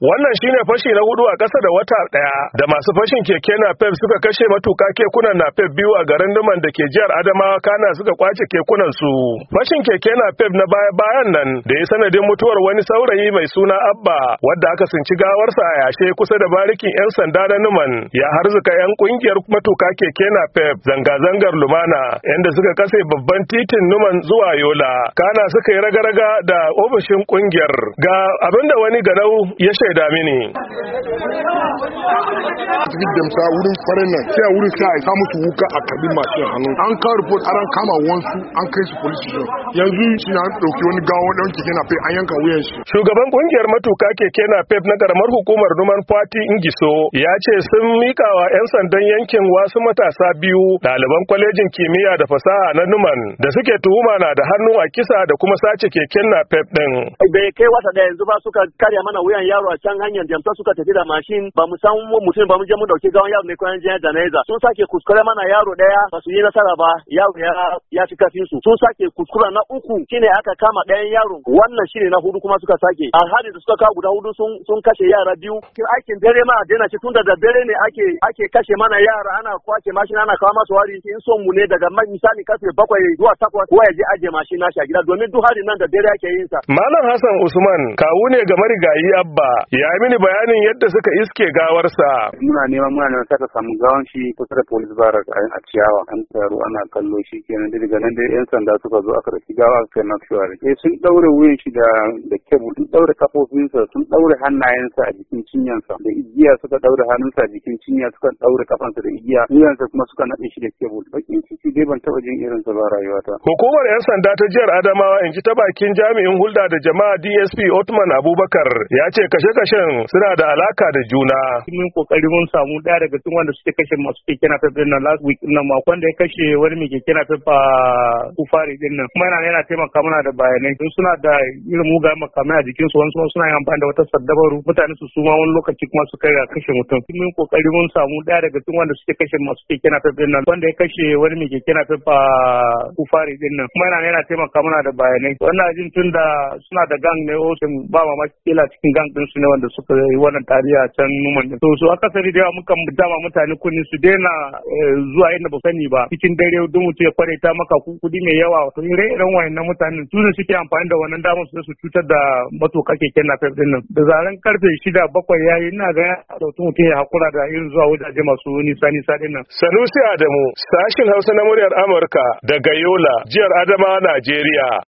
Wannan shine fashi na hudu a ƙasa da wata ɗaya da masu fashin keke na Pep suka kashe matuka kekunan na Pep biyu a garin Numan, da ke jihar Adamawa kana suka kwace kekunan su. Fashin keke na Pep na baya bayan nan da ya sanadin mutuwar wani saurayi mai suna Abba wadda aka sinci gawarsa a yashe kusa da barikin 'yan sanda na Numan ya harzuka 'yan kungiyar matuka keke na Pep zanga-zangar lumana yanda suka kase babban titin Numan zuwa Yola kana suka yi raga-raga da ofishin kungiyar ga abinda wani ganau ya ya dame ni cikin damsa wurin farin nan sai a wurin sai a samu su wuka a kabin mashin hannu an kawo report an kama wansu an kai su police station yanzu shi na dauki wani gawo dan keke na an yanka wuyan shi shugaban kungiyar matuka ke na pep na karamar hukumar numan fati ingiso ya ce sun mikawa yan sandan yankin wasu matasa biyu ɗaliban kwalejin kimiyya da fasaha na numan da suke tuhuma na da hannu a kisa da kuma sace keken na pep ɗin. bai kai wata da yanzu ba suka karya mana wuyan yaro a can hanyar jamta suka tafi da mashin ba mu san mutum ba mu je mu dauki gawan yaro ne ko yan je janaiza sun sake kuskure mana yaro daya ba su yi nasara ba yaro ya ya fi kafin su sun sake kuskura na uku shine aka kama dayan yaro wannan shine na hudu kuma suka sake a hali da suka kawo guda hudu sun sun kashe yara biyu aikin dare ma daina shi tun da dare ne ake ake kashe mana yara ana kwace mashin ana kawo masu wari in son mu ne daga misali karfe bakwai zuwa takwas kowa ya je aje mashin nashi a gida domin duk hari nan da dare ake yin sa malam hassan usman kawu ne ga marigayi abba ya mini bayanin yadda suka iske gawarsa muna neman muna neman saka samu gawan shi kusa da police barrack a ciyawa an taru ana kallo shi kenan daga nan dai yan sanda suka zo aka ɗauki gawa aka na shuwari eh sun ɗaure wuyan shi da da sun ɗaure kafofinsa sun ɗaure hannayensa a jikin cinyansa da igiya suka ɗaure hannunsa a jikin cinya suka ɗaure kafansa da igiya wuyansa kuma suka naɗe shi da kebul. bakin ciki dai ban taɓa jin irin sa ba rayuwata hukumar yan sanda ta jihar adamawa in ji ta bakin jami'in hulɗa da jama'a dsp otman abubakar ya ce kashe kashe-kashen suna da alaka da juna. Mun kokari mun samu ɗaya daga cikin wanda suke kashe masu keke na fefe na last week nan makon da ya kashe wani mai keke na fefe kufari din nan. Kuma yana yana taimaka mana da bayanai. Sun suna da irin muga makamai a jikinsu wani suma suna yin amfani da wata saddabaru mutane su suma wani lokaci kuma su kai ga kashe mutum. Mun kokari mun samu ɗaya daga cikin wanda suke kashe masu keke na fefe nan wanda ya kashe wani mai keke na fefe kufari din nan. Kuma yana yana taimaka mana da bayanai. Wannan jin tun da suna da gang ne o ba mamaki kila cikin gang din su ne da suka yi wannan tarihi can numan to su akasari da yawa muka dama mutane kuni su daina eh, zuwa inda ba sani ba cikin dare don mutum ya kware ta maka kuɗi mai yawa to ire-iren wayannan mutanen su ne suke amfani da wannan damar su su cutar da matuƙa keke na din nan da zaren karfe shida bakwai ya yi ina ga sautin mutum ya hakura da irin zuwa wajaje masu nisa nisa dinnan. Sanusi Adamu sashin Hausa na muryar Amurka daga Yola jihar Adama Najeriya.